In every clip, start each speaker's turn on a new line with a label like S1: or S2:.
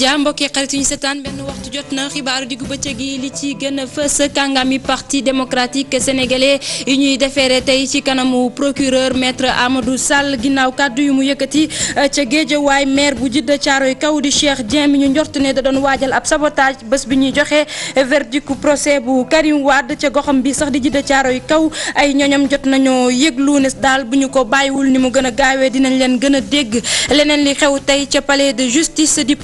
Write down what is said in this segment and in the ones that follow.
S1: ja mbokk yi xarit yu ñu seetaan benn waxtu jot na xibaaru diggu bëccëg yi li ci gën a fës kàngami parti démocratique sénégalais yi ñuy defeere tey ci kanamu procureur maître Amadou Sall ginnaaw kàddu yi mu yëkkati euh, ca Géejawaay maire bu jidda caaroy kaw di Cheikh Dieng mi ñu njort ne da doon waajal ab sabotage bés bi ñuy joxe verdict procès bu Karim Wade ca goxam bi sax di jidda caaroy kaw ay ñoñam jot nañoo yëglu ne daal bu ñu ko bàyyiwul ni mu gën a gaawee dinañ leen gën a dégg leneen tey ca de justice di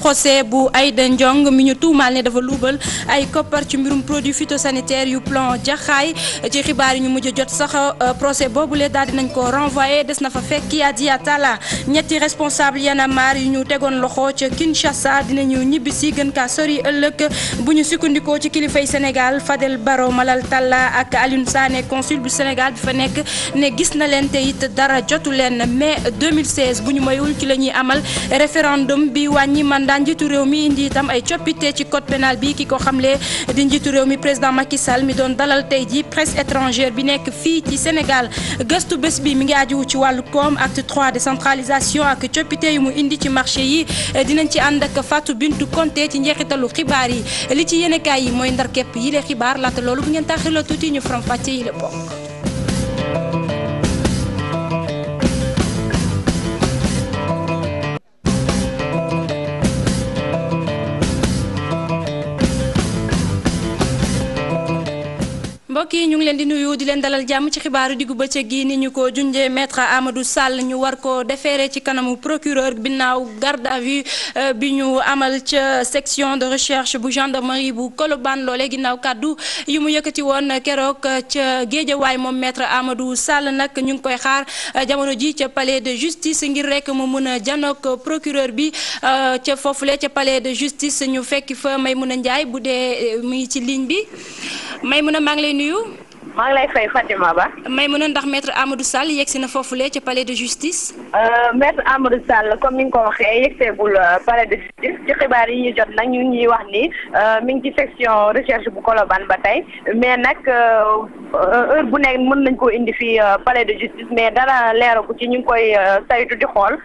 S1: procès bu Aïda Ndiong mi ñu tuumaal ne dafa luubal ay koppar ci mbirum produit phytosanitaire yu plan jaxaay ci xibaar yu ñu mujj jot sax euh, procès boobule daal dinañ ko renvoyé des na fa fekk Adia Talla ñetti responsable Y'en a yu ñu tegoon loxo ca Kinshasa dinañu ñibbisi gën kaa sori ëllëg bu ñu sukkandikoo ci kilifay Sénégal Fadel Baro Malal Talla ak Alioune Sané consul bu Sénégal bi fa nekk ne gis na leen te it dara jotu leen mai 2016 bu ñu mayul ci la ñuy amal njiitu réew mi indi itam ay coppite ci code pénal bi ki ko xamle di njiitu réew mi président Macky Sall mi doon dalal tey ji presse étrangère bi nekk fii ci Sénégal gëstu bés bi mi ngi ajuwu ci wàllu koom acte 3 décentralisation ak coppite yu mu indi ci marché yi dinañ ci ànd ak fàttu bindu Konté ci njeexitalu xibaar yi li ci yéenekaay yi mooy ndar képp yi le xibaar laata loolu bu ngeen taaxirloo tuuti ñu faram fàcce yi le bokk mbokk yi ñu ngi leen di nuyu di leen dalal jàmm ci xibaaru diggu bëccëg gi ni ñu ko junjee maître Amadou Sall ñu war ko defeere ci kanamu procureur binnaaw garde à vue euh, bi ñu amal ca section de recherche bu gendarmerie bu Colobane loole ginnaaw kàddu yi mu yëkkati woon keroog euh, ca Géejawaay moom maître Amadou Sall nag ñu ngi koy xaar euh, jamono ji ca palais de justice ngir rek mu mun a janook procureur bi ca foofu foofule ca palais de justice ñu fekk fa Maymuna Njaay bu dee mu ngi ci ligne bi you. maa ngi lay fay Fatima Ba. may mën a ndax maître Amadou Sall yegsi na foofulee ca palais de justice. Euh, maître Amadou Sall comme ni nga ko waxee yegseegul euh, palais de justice ci xibaar yi ñu jot nag ñu ñuy wax ni euh, mi ngi ci section recherche bu Colobane ba tey mais nag heure bu nekk mën nañ koo indi fi palais de justice mais dara leeragu ci ñu ngi koy saytu di xool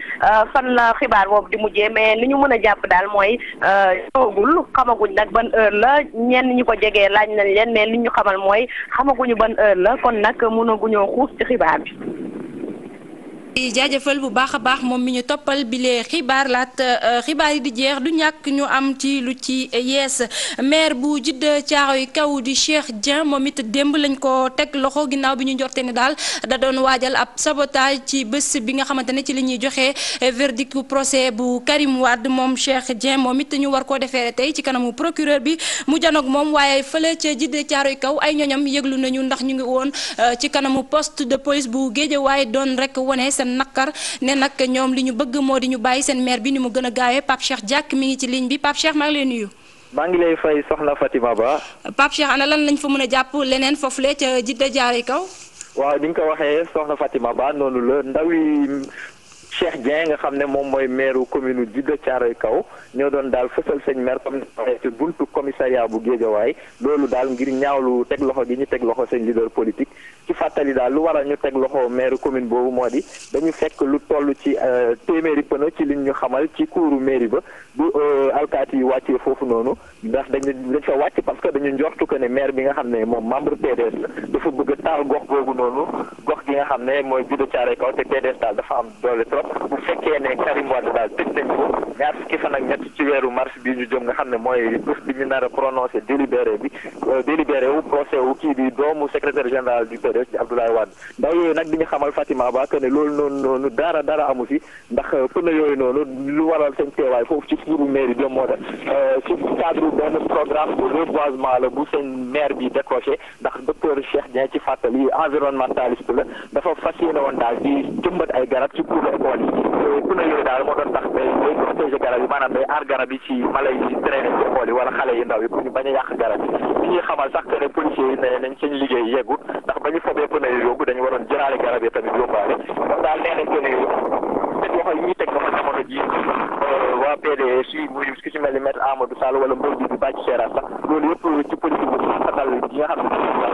S1: fan la xibaar boobu di mujjee
S2: mais li ñu mën a jàpp daal mooy ñëwagul xamaguñ nag ban heure la ñenn ñi ko jegee laaj nañ leen mais li ñu xamal mooy ban heure la kon nag mënaguñoo xuus ci xibaar
S1: bi. di bu baax a baax moom mi ñu toppal bile xibaar laata euh, xibaar yi di jeex du ñàkk ñu am ci lu ci yees maire bu Djiddah Thiaroye Kaw di Cheikh Dieng moom it démb lañ ko teg loxo ginnaaw bi ñu jorte ni daal da doon waajal ab sabotage ci bés bi nga xamante ne ci li ñuy joxe euh, verdict bu procès bu Karim Wade moom Cheikh Dieng moom it ñu war koo defeere tey ci kanamu procureur bi mu janoog moom waaye fële ca Djiddah Thiaroye Kaw ay ñoñam yëglu nañu ndax ñu ngi woon euh, naqar ne nag ñoom li ñu bëgg moo di ñu bàyyi seen maire bi ni mu gën a gaawee Pape Cheikh Diack mi ngi ci ligne bi Pape Cheikh maa ngi lay
S3: maa ngi lay fay soxna Fatima Ba.
S1: Pape Cheikh ana lan lañ fa mën a jàpp leneen foofule ca Jidda Jaare kaw.
S3: waaw ni nga ko waxee soxna Fatima Ba noonu la ndaw yi Cheikh Dieng nga xam ne moom mooy maire commune Djiddah Thiaroye Kaw ñoo doon daal fësal seen maire comme waxee ci buntu commissariat bu Géejawaay loolu daal ngir ñaawlu teg loxo gi ñu teg loxo seen leader politique ci fàttali daal lu waral ñu teg loxo maire commune boobu moo di dañu fekk lu toll ci euh, téeméeri pëno ci liñ ñu xamal ci kuuru mairie ba bu euh, alkaati yi wàccee foofu noonu ndax dañ fa wàcc parce que dañu njortu ko maire bi nga xam ne moom membre PDS bëgg taal gox boobu noonu gox gi nga xam ne mooy Djiddah Thiaroye Kaw te PDS daal dafa am doole trop bu e ne Karim Wade daal tëj nañ ko ñaar fukki fan ak ñett ci weeru mars bi ñu jëm nga xam ne mooy bés bi ñu nar a prononcé délibéré bi euh, délibéré wu procès wu kii bi doomu secrétaire général du PDS di Abdoulaye Wade ndaw yooyu nag di ñu xamal Fatima Ba que ne lo noonu noonu dara dara amu fi ndax pëna yooyu noonu lu waral seen teewaay foofu ci suuru mairie bi moo euh, ci cadre benn programme de reboisement la bu seen maire bi décroché ndax docteur Cheikh Dieng ci fàttali environnementaliste la dafa fas yéene woon daal di jëmbat garab yi pneu yooyu daal moo doon tax day day protéger garab yi maanaam day aar garab yi ci mala yi traîner ci xool yi wala xale yi ndaw yi pour ñu bañ a yàq garab yi li ñuy xamal sax que ne policiers yi ne nañ seen liggéey yeggut ndax ba ñu fobee pneu yi yóbbu dañu waroon jëraale garab yi tamit yóbbaale kon daal nee nañ que ne teg loxo yi ñuy teg loxo jamono ji euh, waa PDS yi muy ku ci mel ni maître Amadou Sall wala mbër bi bi bàcc seera sax loolu yëpp ci politique
S1: bi xatal gi nga xam ne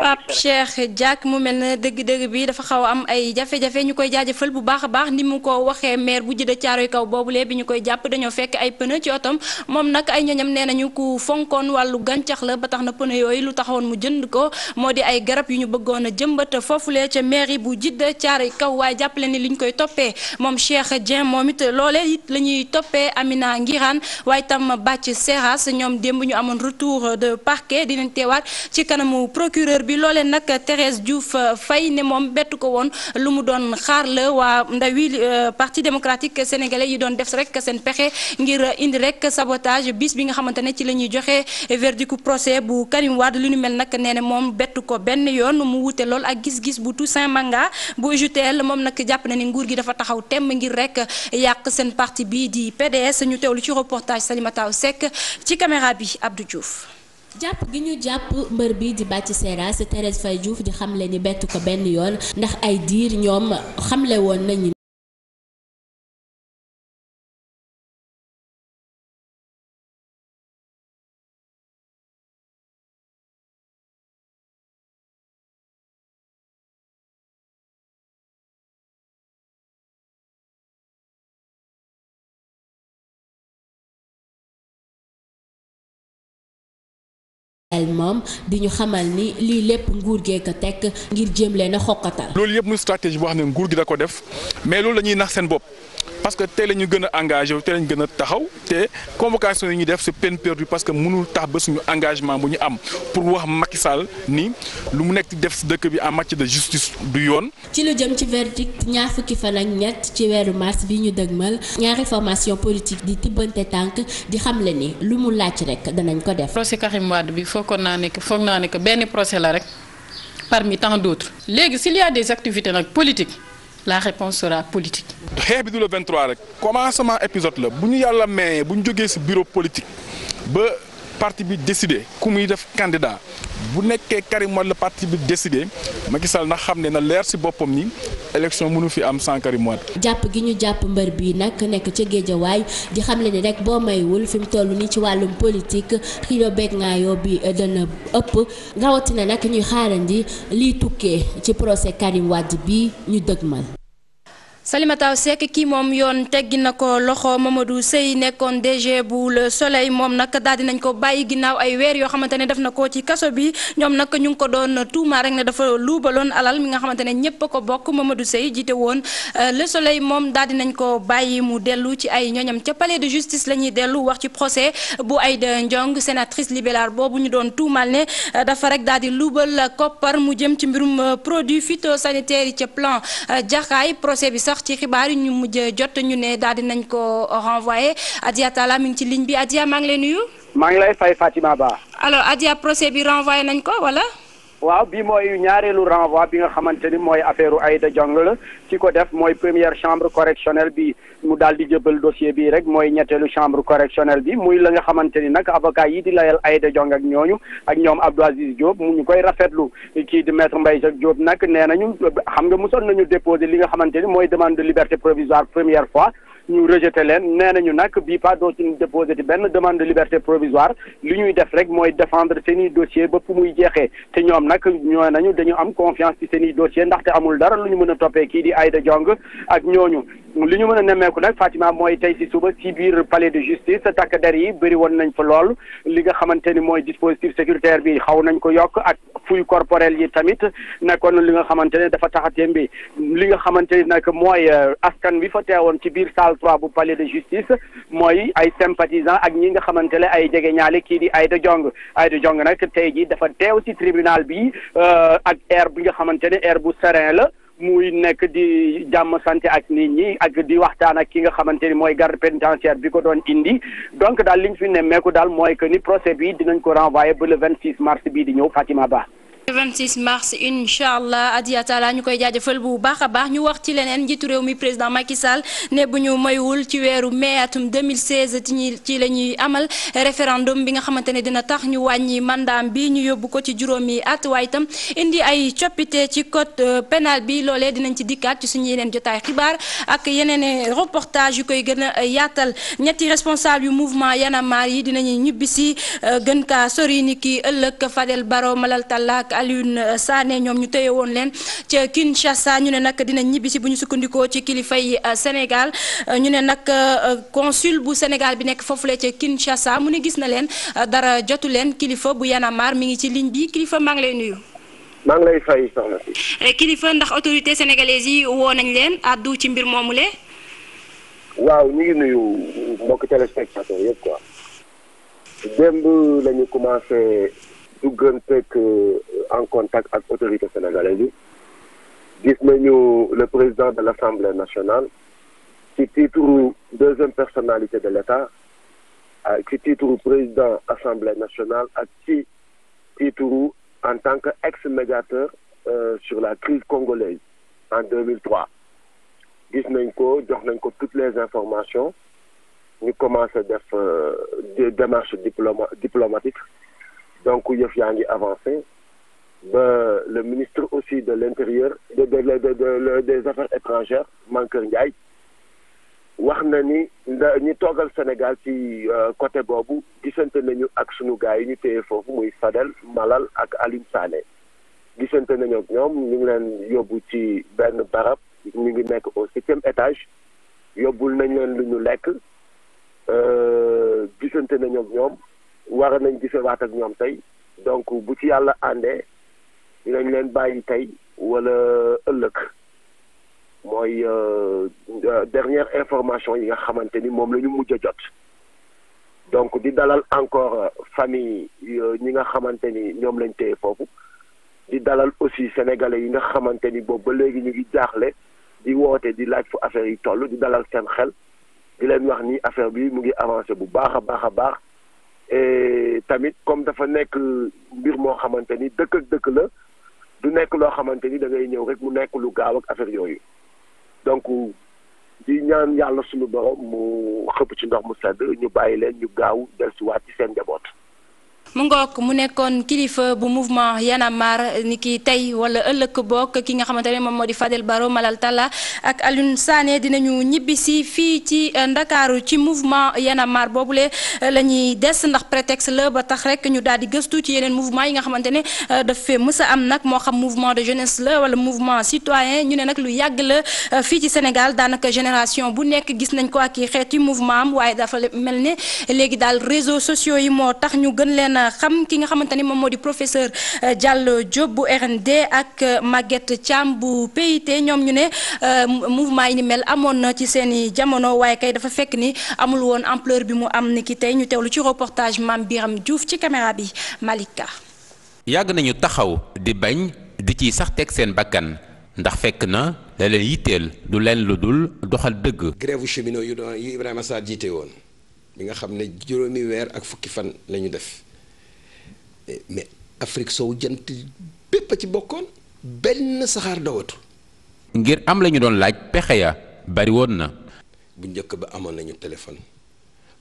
S1: Pape Cheikh Diack mu mel ne dëgg-dëgg bi dafa xaw am ay jafe-jafe ñu koy koy jaajëfal bu baax baax ni mu ko waxee maire bu jidda caaroy kaw boobulee bi ñu koy jàpp dañoo fekk ay pneu ci otom moom nag ay ñoñam nee nañu ku fonkoon wàllu gàncax la ba tax na pneu yooyu lu taxawoon mu jënd ko moo di ay garab yu ñu bëggoon a jëmbat foofulee ca mairie bu jidda caaroy kaw waaye jàppale ni li koy toppee moom Cheikh Dieng moom it loole it la ñuy toppee Amina Ngiraan waaye tam bàcc Seras ñoom démb ñu amoon retour de parquet dinañ teewaat ci kanamu procureur bi loole nag Thérèse Diouf Faye ne moom bettu ko woon lu mu doon xaar la waa ndawi euh, parti démocratique sénégalais yi doon def rek seen pexe ngir indi rek sabotage bis bi nga xamante ne ci la ñuy joxe verdict procès bu Karim Wade li nu mel nag nee na moom bettu ko benn yoon mu wute lool ak gis-gis bu Toussaint Manga bu UJTL moom nag jàpp na ni nguur gi dafa taxaw temm ngir rek yàq seen parti bi di PDS ñu teewlu ci reportage Salimata Seck ci caméra bi abdu Diouf.
S4: jàpp gi ñu jàpp mbër bi di Bathie Seras Thérèse Faye Diouf di xamle ni bett ko
S1: benn yoon ndax ay diir ñoom xamle woon nañu el moom di ñu xamal ni lii lépp nguur gee ko tekk ngir jéem
S4: leen a xokkatal.
S5: loolu yëpp muy stratégie boo xam ne nguur gi da ko def mais loolu dañuy nax seen bopp. parce que tey
S6: la ñu gën a engagé wu tey la ñu gën a taxaw te convocation yi ñuy def c'est peine perdue parce que mënul tax ba suñu
S5: engagement bu ñu am pour wax Macky Sall ni lu mu nekk def si dëkk bi en matière de justice du yoon.
S4: ci lu jëm ci verdict ñaar fukki fan ak ñett ci weeru mars bi ñu dëgmal ñaari formation politique di tibbante tànk di xamle ni lu mu laaj rek danañ ko def. procès
S2: Karim Wade bi foogoon naa nekk foog naa ne benn procès la rek parmi tant d'autres. léegi s'il y des activités nag politiques. la réponse sera politique.
S5: xeex bi du le 23 rek commencement épisode la bu ñu yàlla mais bu ñu jógee ci bureau politique ba. parti bi décidé ku muy def candidat bu nekkee Karim Wade la parti bi décidé Macky Sall na
S6: xam ne na leer si boppam ni élection mënu fi am sans Karim
S4: jàpp gi ñu jàpp mbër bi nag nekk ca géejawaay di xam ne ni rek boo maywul fi mu toll nii ci wàllum politique xiiro beeg ngaayoo bi dana ëpp rawatina nag ñuy xaarandi liy tukkee ci
S1: procès Karim Wade bi ñu dëgmal. Salimata Seck kii moom yoon teggi na ko loxo Mamadou Sey nekkoon DG bu Le Soleil moom nag daal di nañ ko bàyyi ginnaaw ay weer yoo xamante ne def na ko ci kaso bi ñoom nag ñu ngi ko doon tuuma rek ne dafa luubaloon alal mi nga xamante ne ñëpp ko bokk Mamadou Sey jiite woon euh, Le Soleil moom daal di nañ ko bàyyi mu dellu ci ay ñoñam ca palais de justice la ñuy dellu wax ci procès bu Aïda Ndiong sénatrice libérale boobu ñu doon tuumal ne euh, dafa rek daal di luubal koppar mu jëm ci mbirum euh, produit phytosanitaire yi ca plan Jaxaay procès bi sax. ci xibaar yi ñu mujj jot ñu ne daal di nañ ko renvoyé Adia Talla mi ngi ci ligne bi Adia maa ngi lay nuyu.
S7: maa ngi lay fay Fatima Ba.
S1: alors Adia procès bi renvoyé nañ ko wala.
S7: waaw bi mooy ñaareelu renvoi bi nga xamante ni mooy affaire Aïda Diong la ki ko def mooy première chambre correctionnelle bi mu daal di jëbal dossier bi rek mooy ñetteelu chambre correctionnelle bi muy la nga xamante ni nag avocat yi di layal Aïda Diong ak ñooñu ak ñoom Abdou Aziz Diop mu ñu koy rafetlu kii di maître Mbaye Jacques Diop nag nee nañu xam nga mosoon nañu déposer li nga xamante ni mooy demande de liberté provisoire première fois ñu rejeté leen nee nañu nag bii pas doo ci déposé ci benn demande de liberté provisoire li ñuy def rek mooy défendre seen i dossier ba muy jeexee te ñoom nag ñoo nañu dañu am confiance ci seen i dossier ndaxte amul dara lu ñu mën a toppee kii di Aïda Diong ak ñooñu li ñu mën a nemmeeku nag Fatima mooy tey si suba si biir palais de justice takk der yi bëri woon nañ fa lool li nga xamante ni mooy dispositif sécuritaire bi xaw nañ ko yokk ak fouille corporelle yi tamit nekkoon li nga xamante ne dafa taxateem bi li nga xamante ni nag mooy euh, askan bi fa teewoon ci biir salle 3 bu palais de justice mooy ay sympathisants ak ñi nga xamante ne ay jegeñaale kii di Aïda Diong Aïda jong nag tey jii dafa teew ci tribunal bi euh, ak air bi nga xamante ne air bu serein la muy nekk di jàmm sant ak nit ñi ak di waxtaan ak ki nga xamante ni mooy garde pénitentiaire bi ko doon indi donc daal li ñu fi nemmeeku daal mooy que ni procès bi dinañ ko renvoyer ba le vingt six mars bii di ñëw Fatima Ba.
S1: 26 mars incha allah adiya taala ñu koy jaajëfal bu baax a baax ñu wax ci leneen njiitu réew mi président Macky ne bu ñu mayul ci weeru mai atum 2016 ci la ñuy amal référendum bi nga xamante ne dina tax ñu wàññi mandaam bi ñu yóbbu ko ci juróomi at waaye itam indi ay coppite ci code euh, pénal bi loolee dinañ ci dikkaat ci suñu yeneen jotaay xibaar ak yeneen reportage yu koy gën a yaatal ñetti responsable yu mouvement Y'en a marre yi dinañu ñibbisi euh, gën kaa sori ni ki ëllëg Fadel Baro Malal Alioune euh, Sané ñoom ñu téye woon leen ca Kinshasa ñu ne nag dina ñibbisi bu ñu sukkandikoo ci kilifa yi euh, Sénégal euh, ñu ne nag consul bu Sénégal bi nekk foofu foofule ca Kinshasa mu ne gis na leen dara jotu leen kilifa bu Y'en mi ngi ci ligne bi kilifa maa lay nuyu.
S8: maa ngi lay fay soxna si.
S1: Eh, kilifa ndax autorité sénégalaise yi woo nañ leen àddu ci mbir moomu le
S8: waaw ñu ngi nuyu mbokk téléspectateur yëpp quoi. démb la ñu tek euh, en contact ak autorité sénégalaise yi gis nañu le président de l' assemblée nationale ci titre deuxième personnalité de l' état ci euh, titre président assemblée nationale ak ci titre en tant que ex médiateur euh, sur la crise congolaise en 2003 gis nañ ko jox nañ ko toutes les informations ñu commencé def des démarches diploma diplomatiques donc yëf yaa ngi avancé ba le ministre aussi de l'intérieur de de de de des affaires étrangères Mankeur Ndiaye wax na ni nda ñu toogal Sénégal ci euh, côté boobu gisante nañu ak sunu gars yi ñu téye foofu muy Fadel Malal ak Alim Sané gisante nañu ñoom ñu leen yóbbu ci benn barab ñu ngi nekk au septième étage yóbbul nañ leen lu ñu lekk euh, gisante nañu ak ñoom. war nañ gisewaat ak ñoom tey donc bu ci yàlla àndee nañ leen bàyyi tey wala ëllëg mooy euh, euh, dernière information yi nga xamante ni moom la ñu mujj a jot donc di dalal encore euh, famille ñi nga xamante ni ñoom lañ téye foofu di dalal aussi sénégalais yi nga xamante ni boobu ba léegi ñu ngi jaaxle di woote di laaj fu affaire yi toll di dalal seen xel di leen wax ni affaire bii mu ngi avancé bu baax a baax a baax tamit comme dafa nekk mbir moo xamante ni dëkk ak dëkk la du nekk loo xamante ni da ngay ñëw rek mu nekk lu gaaw ak affaire yooyu donc di ñaan yàlla suñu borom mu xëpp ci ndox mu sedd ñu bàyyi leen ñu gaaw dellusiwaat ci seen njaboot.
S1: mu ngook mu nekkoon kilifa bu mouvement Y'en a marre ni ki tey wala ëllëg bokk ki nga xamante ne moom moo di Fadel Barro Malal Talla ak Alioune Sané dinañu ñibbisi fii ci euh, ndakaaru ci mouvement Y'en a marre euh, la ñuy des ndax prétexte la ba tax rek ñu daal di gëstu ci yeneen mouvement yi nga xamante ne euh, daf fee mës a am nag moo xam mouvement de jeunesse la wala mouvement citoyen ñu ne nag lu yàgg la fii ci Sénégal daanaka génération bu nekk gis nañ ko ak i xeeti mouvement am waaye dafa mel ne léegi daal réseaux sociaux yi moo tax ñu gën a xam ki nga xamante ni moom moo di professeur euh, Diallo Diop bu RND ak euh, Maguette Thiam bu PIT ñoom ñu ne euh, mouvement yi ni mel amoon na ci seen i jamono waaye kay dafa fekk ni amul woon ampleur bi mu am ni ki tey ñu lu ci reportage Mame Biram Diouf ci caméra bi Malika.
S6: yàgg nañu taxaw di bañ di ciy sax teg seen bakkan ndax fekk na la leen yitteel du leen lu dul doxal dëgg.
S8: grève cheminot yu doon
S9: yu Ibrahima Sarr jiite woon bi nga xam ne juróomi weer ak fukki fan la ñu def.
S6: mais Afrique soow jant
S9: bépp a ci bokkoon benn saxaar
S6: dawatul ngir am lañu doon laaj pexe ya bari woon na bu njëkk ba amoon nañu téléphone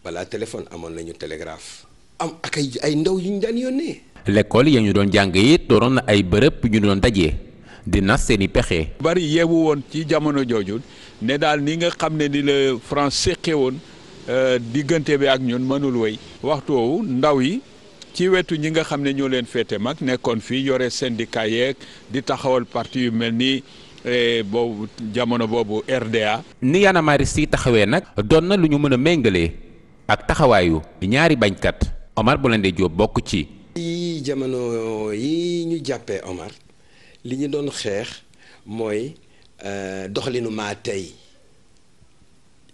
S6: balaa téléphone amoon nañu télégraphe
S7: am ak ay ndaw yu ñu daan
S8: yónnee
S6: l'école ya ñu doon jàng yi dooroon na ay bërëb ñu doon dajee di nas seeni pexe bari yeewu woon ci jamono jooju ne daal ni nga xam ne ni la France séqe woon euh, diggante bi ak ñun mënul woy waxtu woowu ndaw yi ci wetu ñi nga xam ne ñoo leen féete mag nekkoon fii yore syndicat yeeg di taxawal parti yu mel ni eh, boobu jamono boobu RDA. ni Y'en si taxawee nag. doon na lu ñu mën a méngalee ak taxawaayu ñaari bañkat Omar Blondin Diop bokk ci.
S9: yi jamono yi ñu jàppee Omar li ñu doon xeex
S6: mooy euh, doxalinu maa tey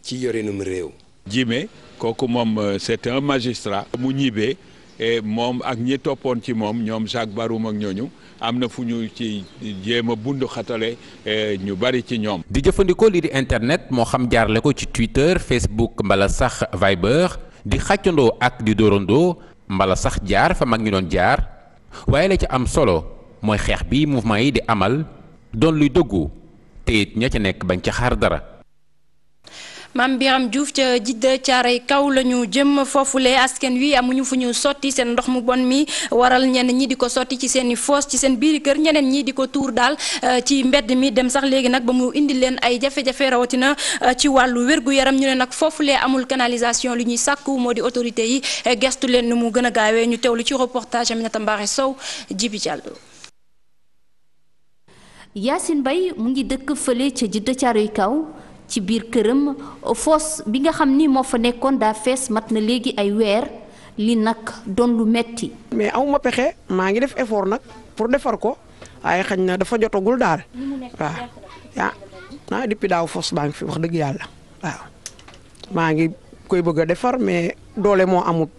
S6: ci yorinum réew. Jimé kooku moom euh, c'est un magistrat. mu ñibbee. Eh, moom ak ñi toppoon ci moom ñoom Jacques Baroum ak ñooñu am na fu ñu ci jéem a bund xatale eh, ñu bari ci ñoom. di jëfandikoo lii di internet moo xam jaarale ko ci Twitter Facebook mbala sax Viber di xàccandoo ak di dóorandoo mbala sax jaar fa mag ñu doon jaar waaye la ci am solo mooy xeex bi mouvement yi di amal doon luy dëggu te it ña ca nekk bañ ca xaar dara.
S1: maam Biram juuf ca jidda yi kaw la ñu jëm foofulee askan wi amuñu fu ñu sotti seen ndox mu bon mi waral ñenn ñi di ko sotti ci seen foos ci seen biiri kër ñeneen ñi di ko tuur daal euh, ci mbedd mi dem sax léegi nag ba mu indi leen ay jafe-jafe rawatina euh, ci wàllu wér yaram ñu ne nag foofu foofulee amul canalisation lu ñuy sàkku moo di autorité yi euh, gestu leen nu mu gën a gaawee ñu teewlu ci reportage Aminata Mbaare Sow Jibi Diallo Yacine
S4: Bay mu ngi dëkk fële ca Jidda Caaroy kaw ci biir këram foos bi nga xam ni moo fa nekkoon daa fees mat na léegi ay weer li nag doon lu metti
S10: mais amuma pexe maa ngi def effort nag pour defar ko waaye xañ na dafa jotagul daal waaw ah ah depuis foos baa ngi fi wax dëgg yàlla waaw maa ngi koy bëgg a defar mais doole moo amut.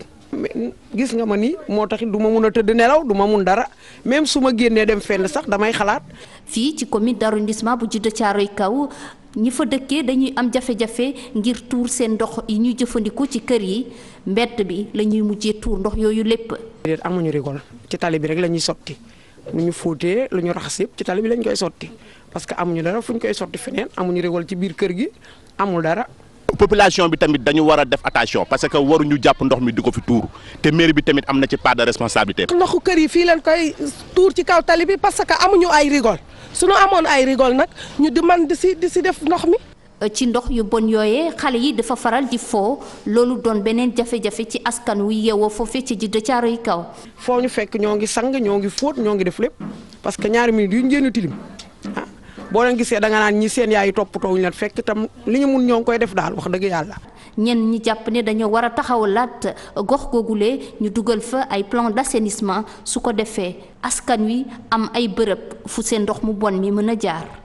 S10: gis nga ma ni moo taxit du
S4: ma mun a tëdd nelaw du ma mun dara même su ma génnee dem fenn sax damay xalaat. fii ci commune d' arrondissement bu Djiddah Thiaroye Kaw ñi fa dëkkee dañuy am jafe-jafe ngir tuur seen ndox yi ñuy jëfandikoo ci kër yi mbedd bi la ñuy mujjee tuur ndox yooyu lépp. déedéet amuñu rigol ci tali bi rek la ñuy sotti lu ñu fóotee lu ñu raxas yëpp ci tali bi lañ koy sotti
S10: parce que amuñu dara fu ñu koy sotti feneen amuñu rigol ci biir kër gi amul dara. population
S6: bi tamit dañu war a def attention parce que waruñu jàpp ndox mi di ko fi tuur te maire bi tamit am na ci part de responsabilité.
S4: ndoxu
S2: kër yi fii leen koy tuur ci kaw tali bi parce que amuñu ay rigole suñu amoon
S4: ay rigole nag ñu di man di si si def ndox mi. Euh, ci ndox yu bon yooyee xale yi dafa faral di foo loolu doon beneen jafe-jafe ci askan wi yeewoo foofee ci Djiddah Thiaroye Kaw.
S10: foo ñu fekk ñoo ngi sang ñoo ngi fóot ñoo ngi def lépp parce que ñaari mii yu ñu tilim. boo leen gisee danga nga naan ñi seen yaay toppatoo wuñ leen fekk itam li ñu mun ñoo ngi koy def daal wax dëgg yàlla.
S4: ñenn ñi jàpp ne dañoo war a taxawalaat gox googule ñu dugal fa ay plan d'assainissement su ko defee askan wi am ay bërëb fu seen ndox mu bon mi mën a jaar.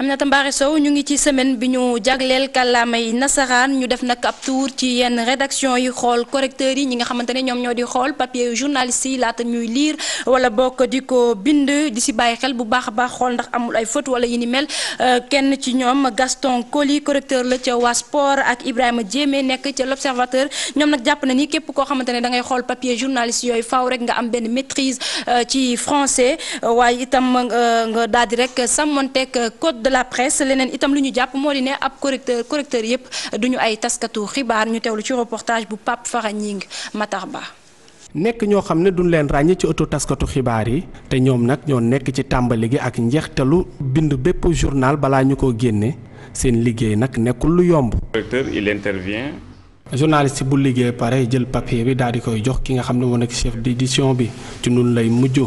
S1: am Aminata Mbaare Sow ñu ngi ci semaine bi ñu jagleel kàllaamay nasaraan ñu def nag ab tour ci yenn rédaction yi xool correcteurs yi ñi nga xamante ne ñoom ñoo di xool papier journaliste yi laata ñuy liir wala bokk di ko bind di si bàyyi xel bu baax a baax xool ndax amul ay faute wala yi ni mel euh, kenn ci ñoom Gaston Coly correcteur la ca waa sport ak Ibrahima jéeme nekk ca l'observateur ñoom nag jàpp na ni képp koo xamante ne da ngay xool papier journaliste yooyu faaw rek nga am benn maîtrise euh, ci français euh, waaye itam nga daal di rek sàmmonteeg code de la presse leneen itam lu ñu jàpp moo di ne ab correcteur correcteur yëpp duñu ay taskatu xibaar ñu teewlu ci reportage bu Pape Fara Ñing Matar Ba
S9: nekk ñoo xam ne duñ leen ràññee ci oto taskatu xibaar yi te ñoom nag ñoo nekk ci tàmbali gi ak njeextalu bind bépp journal balaa ñu ko génne seen liggéey nag nekkul lu yomb.
S10: correcteur il intervient.
S9: journaliste bu liggéey pare jël papier bi daal di koy jox ki nga xam ne moo nekk chef d'édition bi ci nun lay mujj.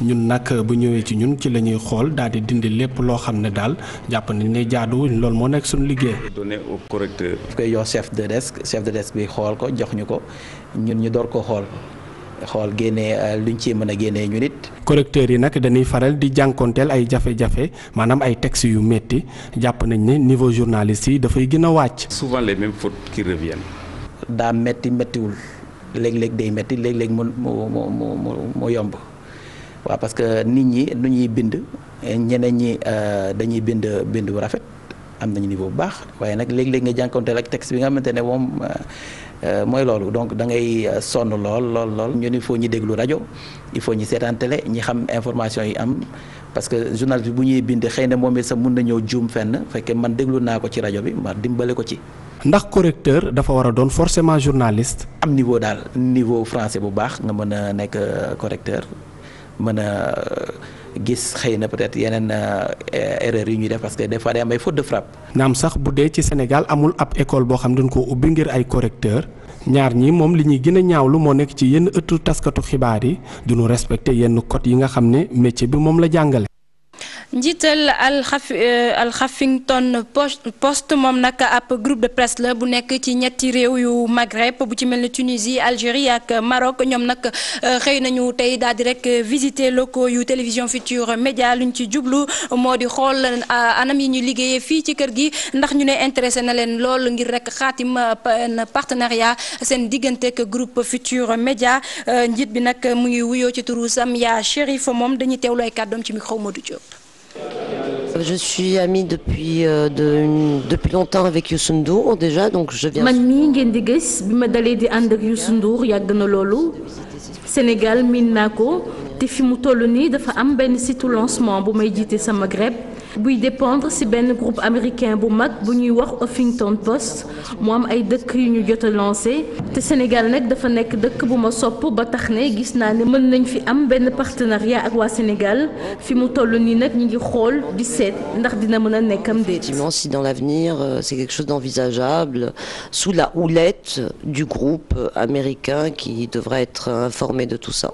S9: ñun nag bu ñëwee ci ñun ci la ñuy xool daal di dindi lépp loo xam ne daal jàpp nañ ne jaaduwuñ loolu moo nekk suñu liggéey. donné au correcteur. daf koy jox chef de desk chef de desk bi xool ko jox ñu ko ñun ñu door ko xool. xool génnee euh, ñu ci mën a génnee ñu nit. correcteurs yi nag dañuy faral di jànkonteel ay jafe-jafe maanaam ay textes yu métti jàpp nañ ne niveau journaliste yi dafay gën a wàcc.
S6: souvent les mêmes fautes qui reviennent.
S9: daa métti méttiwul léeg-léeg day métti léeg-léeg mu mu mu mu yomb. waaw parce que nit ñi du ñuy bind ñeneen ñi euh, dañuy bind bind bu rafet am nañu niveau bu baax waaye nag léegi léeg nga jànkonteel ak texte bi nga xamante ne moom euh, euh, mooy loolu donc da ngay sonn lool lool lool. ñun il faut ñu déglu rajo il faut ñu seetaan télé ñi xam information yi am parce que journaliste bi bu ñuy bind xëy na moom sax mun na ñëw juum fenn fekkee man déglu naa ko ci rajo bi ma dimbale ko ci. ndax correcteur dafa war a doon forcément journaliste. am niveau daal niveau français bu baax nga mën a nekk correcteur. mën a euh, gis xëy na peut-être yeneen euh, erreur yi ñuy def parce que des fois day am ay faute de frappe. naam sax bu dee ci Sénégal amul ab école boo xam ne dañ koo ubbi ngir ay correcteur ñaar ñi moom li ñuy gën a ñaawlu moo nekk ci yenn ëttu taskatu xibaar yi duñu respecté yenn code yi nga xam ne métier bi moom la jàngale.
S1: njiital alxaf euh, alxafington post moom nag ab groupe de presse la bu nekk ci ñetti réew yu Maghreb bu ci mel ni Tunisie Algérie ak Maroc ñoom nag euh, xëy nañu tey daal di rek visiter locaux yu télévision Futurs Médias ñu ci jublu moo di xool euh, anam yi ñu liggéeyee fii ci kër gi ndax ñu ne intéressé na leen lool ngir rek xaatim partenariat seen diggante ak groupe Futurs Médias njiit bi nag mu ngi wuyoo ci turu Samia Chérif moom dañuy teewlooy kàddoom ci micro Modou Diop Je suis amie depuis, euh, longtemps avec Youssou déjà, donc je viens... man
S4: mii ngeen di gis bi ma dalee di ànd ak Youssou yàgg na loolu
S1: Sénégal miin naa ko te fi mu toll nii dafa am benn situ lancement bu may jiite sama grève buy dépendre ci benn groupe américain bu mag bu ñuy wax Huffington
S4: Post moom ay dëkk yu ñu jot a lancé te Sénégal nag dafa nekk dëkk bu ma sopp ba
S1: tax ne gis naa ne mën nañ fi am benn partenariat ak waa Sénégal fi mu toll nii nag ñu ngi xool di set ndax dina mën a nekk am déet. effectivement si dans l'avenir euh, c'est quelque chose d'envisageable sous la houlette du groupe euh, américain qui devrait être informé de tout ça.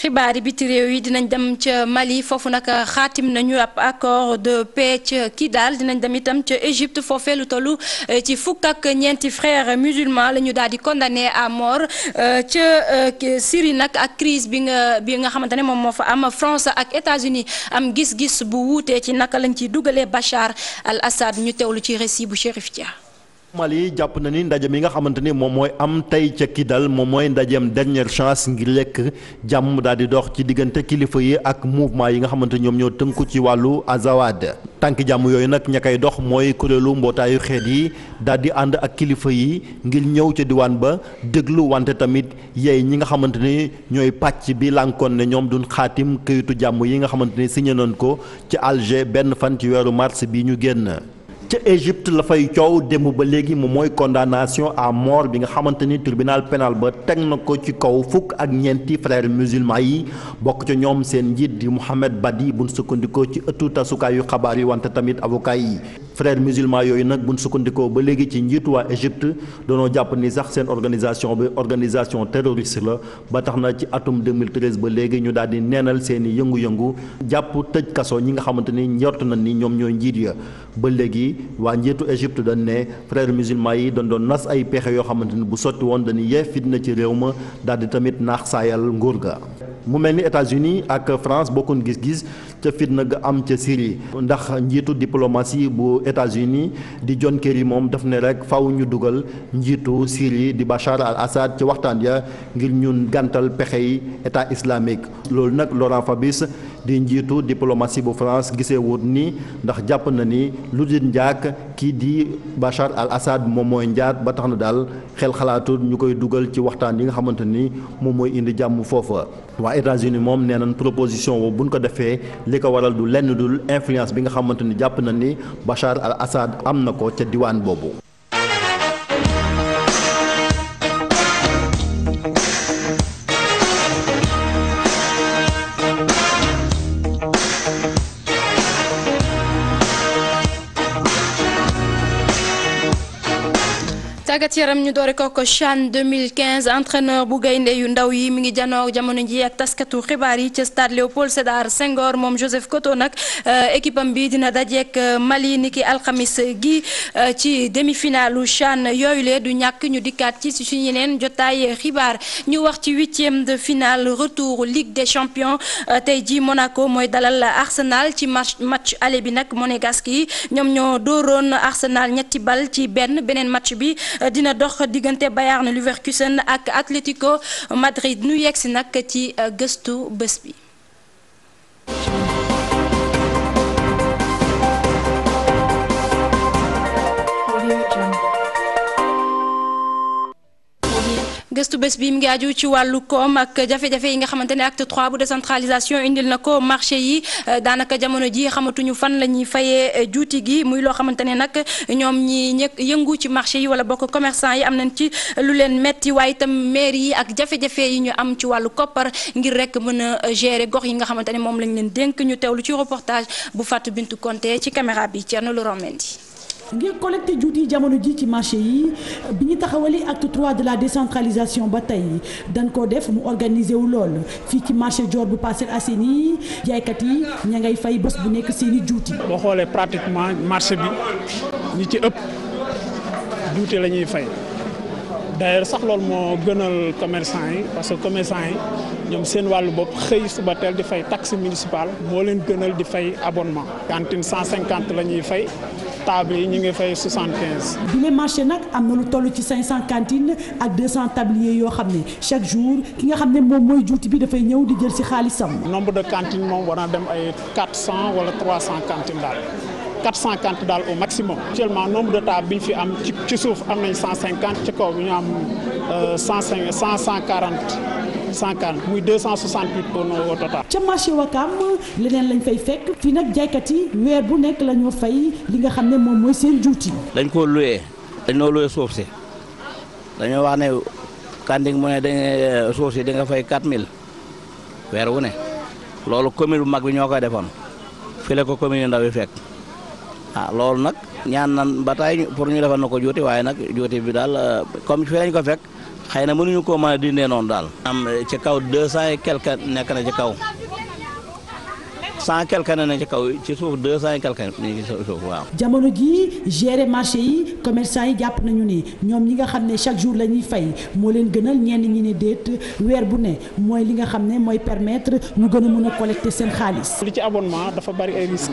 S1: xibaar yi biti réew yi dinañ dem ca Mali foofu nag euh, xaatim nañu ab accord de paix ca daal dinañ dem itam ca Égypte foofee lu euh, ci fukk ak ñeenti frères musulmans la ñu daal di condamné à mort euh, ca Syrie nag ak crise bi nga bi nga xamante ne moom moo fa am France ak États-Unis am gis-gis bu wuutee ci naka lañ ci dugalee Bachar al-Assad ñu teewlu ci récit bu Chérif Dia
S11: Mali jàpp na ni ndaje mi nga xamante ni moom mooy am tey ca Kidal moom mooy ndajeem dernière chance ngir lekk jàmm daal di dox ci diggante kilifa yi ak mouvement yi nga xamante ñoom ñoo tënku ci wàllu azawad tànk jàmm yooyu nag ña koy dox mooy kuréelu mbootaayu xeet yi daal di ànd ak kilifa yi ngir ñëw ca diwaan ba déglu wante tamit yey ñi nga xamante ni ñooy pàcc bi lànkoon ne ñoom du xaatim këyitu jàmm yi nga xamante ni signé nañ ko ci Alger benn fan ci weeru mars bi ñu génn. ca Égypte la fay coow démb ba léegi moom mooy condamnation à mort bi nga xamante ni tribunal pénal ba teg na ko ci kaw fukk ak ñeenti frères musulmans yi bokk ca ñoom seen njiit di Mouhamed Badi buñ sukkandikoo ci ëttu tasukaayu xabaar yi wante tamit avocat yi frères musulmans yooyu nag buñ sukkandikoo ba léegi ci njiitu waa Égypte jàpp ni sax seen organisation bi organisation terroriste la ba tax na ci atum 2013 ba léegi ñu daal di neenal seeni i yëngu-yëngu jàpp tëj kaso ñi nga xamante ni njort na ni ñoom ñooy njiit ya ba léegi waa njiitu Égypte dañ ne frère musulman yi dañ doon nas ay pexe yoo xamante ni bu sotti woon dañu yee fitna ci réew ma daal di tamit naax saayal nguur ga mu mel ni États-Unis ak France bokkoon gis-gis ca fitna ga am ca Syrie ndax njiitu diplomatie bu États-Unis di jonker yi moom daf ne rek faw ñu dugal njiitu Syrie di Bachar al-Assad ci waxtaan ya ngir ñun gantal pexe yi état islamique loolu nag Laurent Fabius di njiitu diplomatie bu France gisee wut ni ndax jàpp na ni lu di njaak kii di Bachar al Assad moom mooy njaat ba tax na daal xel xalaatul ñu koy dugal ci waxtaan yi nga xamante ni moom mooy indi jàmm foofa. waa États-Unis moom nee nañ proposition boobu bu ñu ko defee li ko waral du lenn dul influence bi nga xamante ni jàpp na ni Bachar al Assad am na ko ca diwaan boobu.
S1: tàggat yaram ñu doore ko ko CHAN 2015 entraîneur bu gaynde yu ndaw yi mi ngi janoo jamono ji ak taskatu xibaar yi ca stade Léopold Sédar Senghor moom Joseph Koto nag euh, équipe am bi dina dajeek euh, Mali niki alxamis gi euh, ci demi-finalu CHAN yooyu lee du ñàkk ñu dikkaat ci suñu yeneen jotaay xibaar ñu wax ci huitième de finale retour Ligue des champions tey ji Monaco mooy dalal Arsenal ci match match aller bi nag monégasque yi ñoom ñoo dooroon Arsenal ñetti bal ci benn beneen match bi. dina dox diggante Bayern Leverkusen ak Atlético Madrid nu yegg si nag ci euh, gëstu bés bi. gëstu bés bi mu ngi aju ci wàllu koom ak jafe-jafe yi nga xamante ne acte 3 bu décentralisation indil na ko marché yi euh, daanaka jamono ji xamatuñu fan la ñuy fayee euh, juuti gi muy loo xamante ne nag ñoom ñi ñëkk yëngu ci marché yi wala bokk commerçant yi am nañ ci lu leen metti waaye itam maire yi ak jafe-jafe yi ñu am ci wàllu koppar ngir rek mën a euh, gérer gox yi nga xamante ne moom lañ leen dénk ñu teewlu ci reportage bu fàtte Bintou Conté ci caméra bi Thierno Laurent Mendy
S2: ngir collecté juuti jamono ji ci marché yi bi ñu taxawalee acte 3 de la décentralisation ba tey dañ koo def mu organiser wu lool fii ci marché joor bu Parcelles Assainies yi jaaykat yi ña ngay fay bës bu nekk seen i juuti.
S10: boo xoolee pratiquement marché bi ñi ci ëpp juuti la ñuy fay d'ailleurs sax loolu moo gënal commerçant yi parce que commerçant yi ñoom seen wàllu bopp xëy suba teel di fay taxi municipal moo leen gënal di fay abonnement. cantine 150 la ñuy fay. table yi ñu ngi fay 75.
S2: bi le marché nag am na lu toll ci 500 cantines ak 200 tabliers yoo xam ne chaque jour ki nga xam ne moom mooy juuti bi dafay ñëw di jël si xaalisam.
S10: nombre de cantines moom war na dem ay 400 wala 300 cantines daal. 450 daal au maximum actuellement nombre de tables bi ñu fi am ci ci suuf am nañ 150 ci kaw bi ñu am 150 euh, 140 140
S2: muy 268
S10: tonnes au total.
S2: ca marché Wakam leneen lañ fay fekk fii nag jaaykat yi weer bu nekk la ñoo fay li nga xam ne moom mooy seen juuti.
S10: dañ koo
S9: dañ noo luyee suuf si dañoo wax ne Kanding mu ne dañ eh, suuf si di nga fay 4000 weer wu ne loolu commune bu mag bi ñoo koy defoon fii la ko commune yu ndaw fekk ah loolu nag ñaan nan ba tey pour ñu defal na ko juuti waaye nag juuti bi daal eh, comme fii lañ ko fekk. xëy na mënuñu koo mën a dindee noonu daal. am ci kaw deux cent et quelque nekk na ci kaw cent quelque ne na ci kaw ci suuf deux cent et quelque ñu ngi ci suuf waaw.
S2: jamono jii gérer marché yi commerçant yi jàpp nañu nii ñoom ñi nga xam ne chaque jour la ñuy fay moo leen gënal ñenn ñi ne déet weer bu ne mooy li nga xam ne mooy permettre ñu gën a mën a collecter seen xaalis. li ci abonnement dafa bari ay risques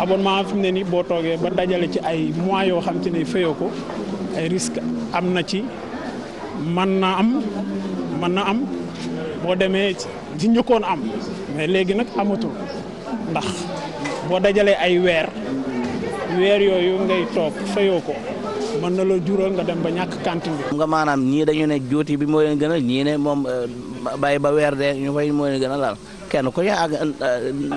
S10: abonnement mu ne nii boo toogee ba dajale ci ay mois yoo xam ne fayoo ko ay risques am na ci. man naa am man na am boo demee ci njëkkoon am mais léegi nag amatul ndax boo dajalee ay weer weer yooyu ngay toog fayoo ko man na la jural
S9: nga dem ba ñàkk kantin bi nga maanaam ñii dañu ne juuti bi moo leen gënal ñii ne moom eh, bàyyi ba weer de ñu fay moo leen gënal daal kenn ku ñu euh, àgg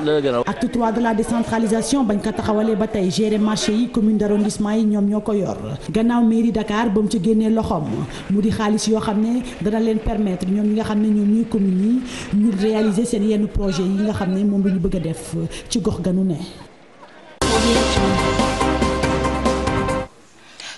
S9: la gën
S2: de la décentralisation bañ ko taxawalee ba tey gérer marché yi commune d' arrondissement yi ñoo ko yor gannaaw mairie Dakar ba mu ci génnee loxoom mu di xaalis yoo xam ne dana leen permettre ñoom ñi nga xam ne ñoom ñuy communes yi ñu seen yenn projet yi nga xam ne moom la ñu bëgg a def ci gox ganu ne.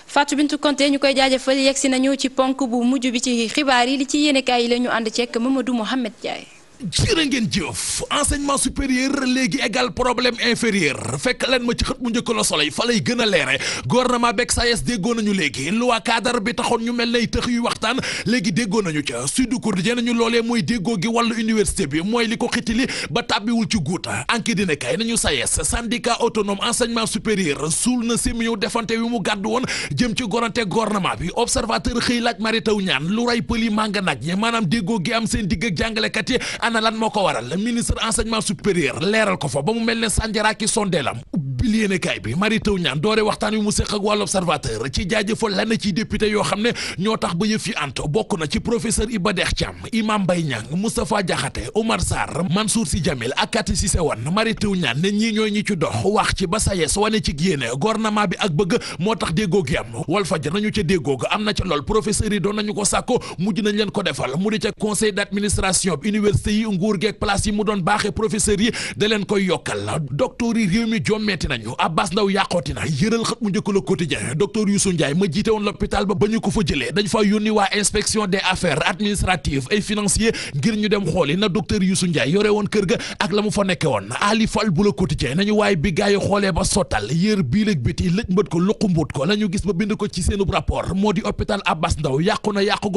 S1: Fatou Bintou Konté ñu koy jaajëfal yegsi nañu ci ponk bu mujj bi ci xibaar yi li ci yéenekaay yi la ñu ma ceek Mamadou Mohamed Ndiaye
S5: a ngeen jëf enseignement supérieur léegi égal problème inférieur fekk leen ma ci xët mu njëkk la yi fa lay gën a leere gouvernement beeg SAES e déggoo nañu léegi loi cadre bi taxoon ñu mel nay tëx yuy waxtaan léegi déggoo nañu ca Sud Quotidien ñu loolee mooy déggoo gi wàllu université bi mooy li ko xitili ba tàbbiwul ci guuta anki dina kay nañu SAES e syndicat autonome enseignement supérieur suul na sémiñëw defante wi mu gàddu woon jëm ci gorante gouvernement bi observateur xëy laaj mari taw ñaan lu ray pëli manga naaj ñi maanaam déggoo gi am seen digg ak jàngalekat yi ana lan moo ko waral ministre enseignement supérieur leeral ko fo ba mu mel ne sànjaraaki sondeelam li yéene kaay bi Mary Teuw Niane doore waxtaan wi mu séq ak wàllu observateur ci jaajëfal lan ci député yoo xam ne ñoo tax ba yëf yi ant bokk na ci professeur Iba Der Thiam Imam Mbaye Niang Moustapha Diakhaté Omar Sarr Mansour Sy Djamil ak Kati Cissé Wane Mary Teuw Niane ne ñii ñooy ñi ci dox wax ci ba sayes wane ci yéene gouvernement bi ak bëgg moo tax déggoo gi am Walfadjri nañu ca déggoo ga am na ca lool professeur yi doon nañu ko sàkko mujj nañ leen ko defal mu di ca conseil d'administration bi université yi nguur geeg place yi mu doon baaxee professeur yi da leen yokkal docteur yi réew na nañu Abbas Ndaw yàqooti na yëral xët mu njëkk la quotidien docteur Youssou Ndiaye ma jiite woon l'hôpital ba ba ñu ko fa jëlee dañ fa yónni waa inspection des affaires administratives et financier ngir ñu dem xooli na docteur Youssou Ndiaye yore woon kër ga ak la mu fa nekke woon Ali bu la quotidien nañu waaye bi xoolee ba sottal yër bii léeg biti lëj mbët ko luqu mbut ko la gis ba bind ko ci seenub rapport moo di hôpital Abbas Ndaw yàqu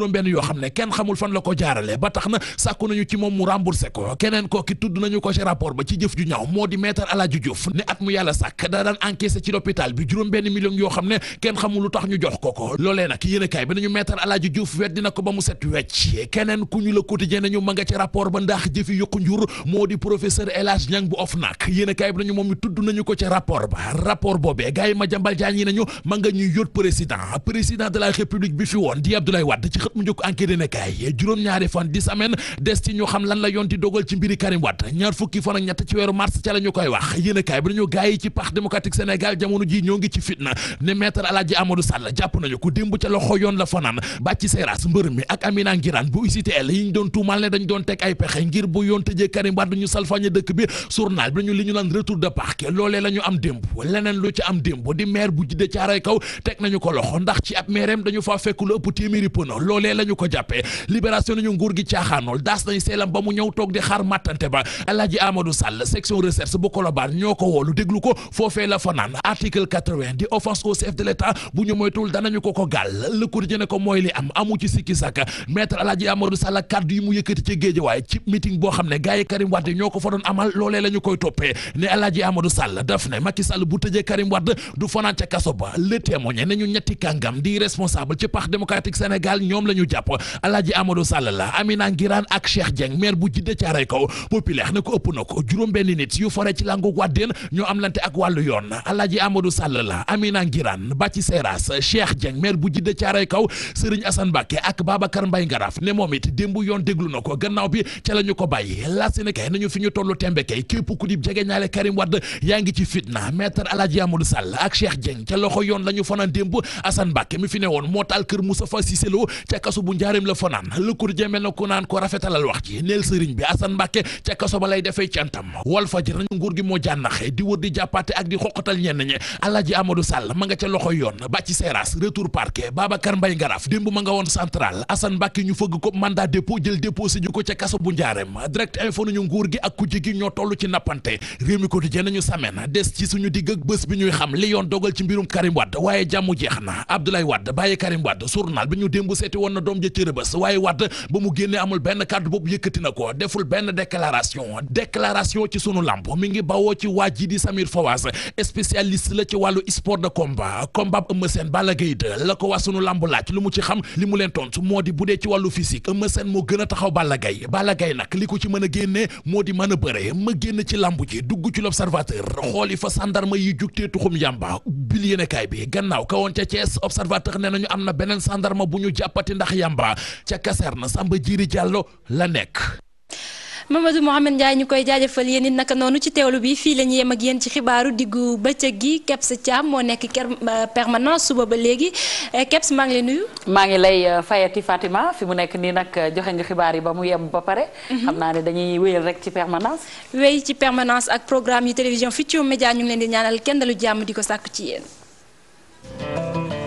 S5: juróom-benn yoo xam ne kenn xamul fan la ko na ñu jox ko ko loolee nag ko ba mu set wecc keneen ku ñu la quotidien nañu ma nga ci rapport président président de la république bi fi woon di Abdoulaye Wade ci xët mu njëkk enquête ne kaay juróom-ñaari fan di semaine des ci ñu xam lan la yoon di dogal ci mbiri Karim ñaar fukki fan ak ci weeru mars ca la koy wax yéen bi nañu gars ci Parti démocratique Sénégal jamono ji ñoo ngi ci fitna ne maître Alaaji Amadou Sall jàpp nañu ko démb ca loxo yoon la fanaan bàcci seeraas mbër mi ak Amina Ngiraan bu UCTL yi ñu doon tuumal ne dañ doon teg ay pexe ngir bu yoon tëjee Karim Wade ñu salfaañe dëkk loolee la ñu ko jàppee libération nañu nguur gi caaxaanool daas nañ seelam ba mu ñëw toog di xaar màttante ba Alaaji Amadou Sall section recherche bu Colobane ñoo ko woolu déglu ko foofee fanaan article di offense au chef de l'État bu ñu moytuwul danañu ko ko gàll Le Quotidien ne ko mooy am amu ci sikki sàkk maître Alaaji Amadou Sall kaddu yi mu yëkkati ci Géejawaay ci meeting boo xam ne gars Karim Wade ñoo ko fa doon amal loolee la koy ñoom la ñu jàpp alaaji Amadou Sall la Amina Ngiraan ak Cheikh Dieng maire bu jidde caaray kaw populaire ne ko ëpp na ko juróom benn nit yu fore ci langu wàddeen ñoo am lante ak wàllu yoon alaaji Amadou Sall la Amina Ngiraan Bathie Seras Cheikh Dieng maire bu jidde caaray kaw Serigne Assane Mbacké ak Babacar Mbaye Ngaraaf ne moom it démb yoon déglu na ko gannaaw bi ca la ñu ko bàyyi la Sénégal nañu fi ñu tollu tembe kay képp ku di jege ñaale Karim Wade yaa ngi ci fitna maître alaaji Amadou Sall ak Cheikh Dieng ca kaso bu njaarim la fanaan Le Quotidien mel na ku naan ko ji lay defee cantam Walf Fadjri nañu gi moo jànnaxe di di jàppaate ak di xoqatal ñenn ñi ma nga ca loxoy yoon bàcci seeraas retour nga woon central Assane Mbàkke ñu fëgg ko mandat dépôt jël ko ca kaso bu njaarim direct info nañu nguur gi ak kujje gi ñoo toll ci nappante réew mi Quotidien nañu sameen des ci suñu digg ak bés bi ñuy xam li yoon dogal ci mbirum Karim Wade waaye jàmm jeex na Abdoulaye Wade bàyyi Karim Wade bi ñu démb seeti woon na doom ja ca Rebeuss waaye Wade ba mu génnee amul benn kàddu boobu yëkkati na ko deful benn déclaration déclaration ci sunu lamb mi ngi bawoo ci waa ji di Samir Fawaz spécialiste la ci wàllu sport de combat combat Eumeu Sène Balla la ko waa sunu lamb laaj lu mu ci xam li mu leen tontu moo di bu dee ci wàllu physique Eumeu Sène moo gën a taxaw Balla Gaye Balla Gaye nag li ko ci mën a génnee moo di mën a bëre ma génn ci lamb ji dugg ci l'observateur xooli fa sandarma yi jugtee tuxum yàmba bi gannaaw kawoon ca Thiès observateur nee nañu am na beneen waxati ndax yamba ca caserne Samba Jiri Diallo la nekk.
S1: Mamadou Mouhamed Ndiaye ñu koy jaajëfal yéen it naka noonu ci teewlu bi fii la ñu yem ak yéen ci xibaaru diggu bëccëg gi Kebs Thiam moo nekk ker euh, permanence suba ba léegi eh, Kebs maa ngi lay nuyu. maa ngi lay euh, fayati Fatima fi mu nekk nii nag euh, joxe xibaar yi ba mu yem ba pare. Mhm. xam naa ne dañuy wéyal rek ci permanence. wéy ci permanence ak programme yu télévision Futurs Médias ñu ngi leen di ñaanal kenn dalu jàmm di ko sàkku ci yéen.